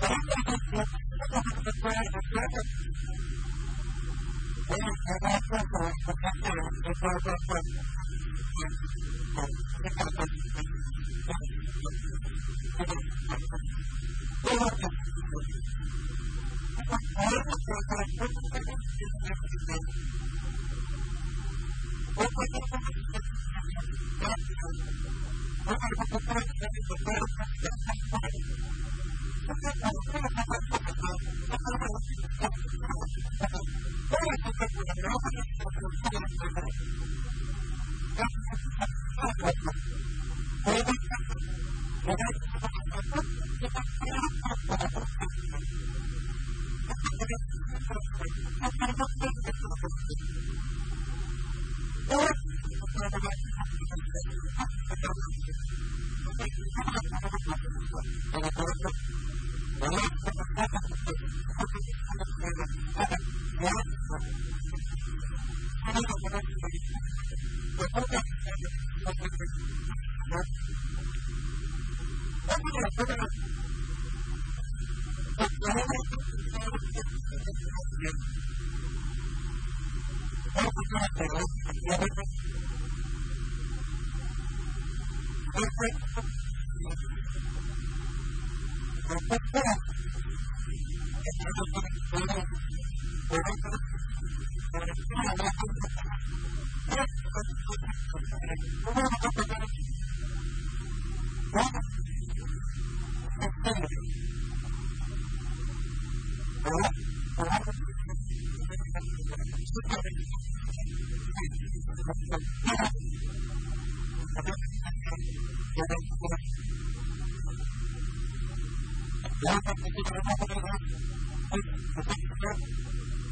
Thank you. Thank you.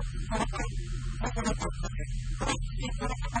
I'm going to go to the next one.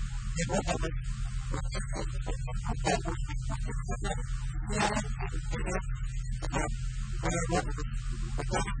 Thank you.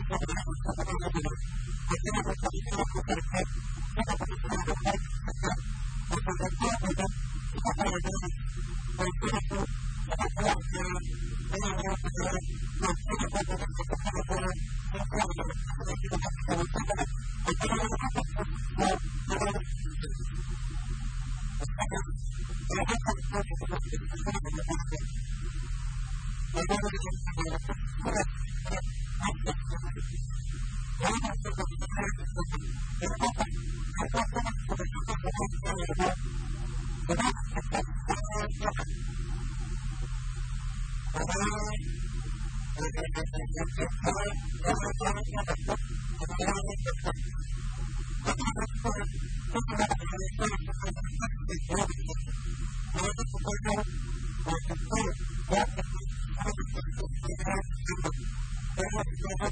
have to go up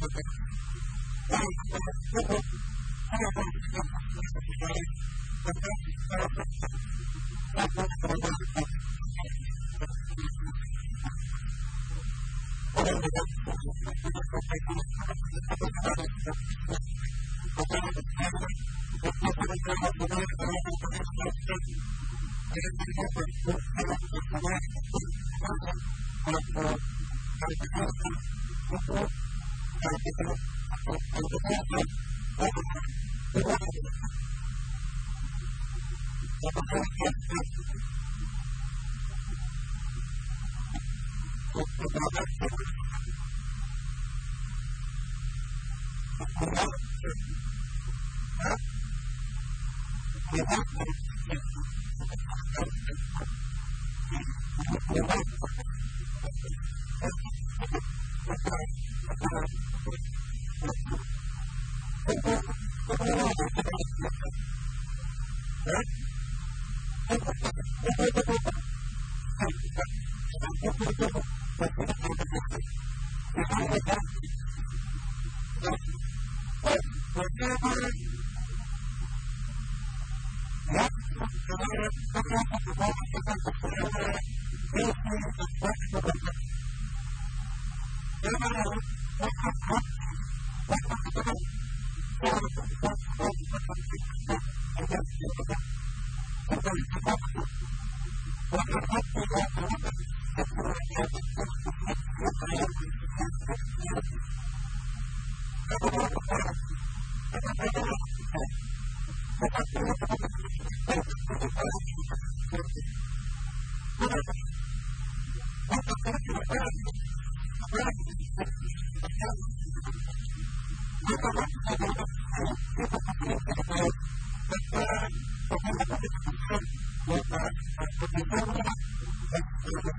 Thank you. Gracias.